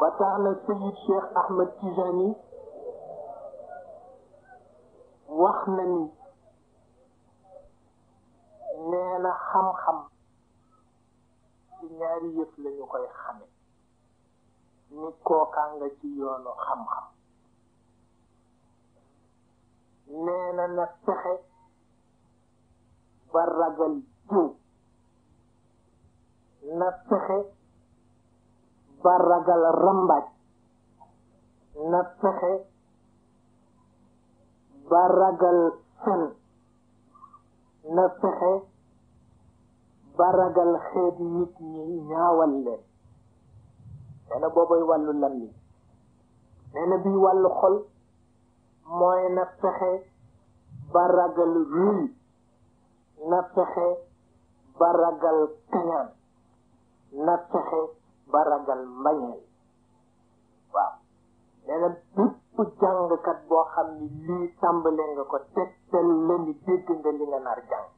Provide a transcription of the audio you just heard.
ba tax na sayid cheikh ahmed tijani wax na ni nee na xam-xam ci ñaari yëf lañu koy xame ni kookaa nga ci yoonu xam-xam nee na na fexe ba ragal jiw na fexe ba ragal rambaaj na fexe ba ragal fen na fexe ba xeet nit ñaawal leen nee na booboy wàllu lammiñ nee na xol mooy na fexe ba ragal na fexe ba ragal na fexe ba ragal mbañeel waaw nee na bépp jàngkat boo xam ni lii tàmbalee nga ko tegtal la ni dégg nga li nga naar jàng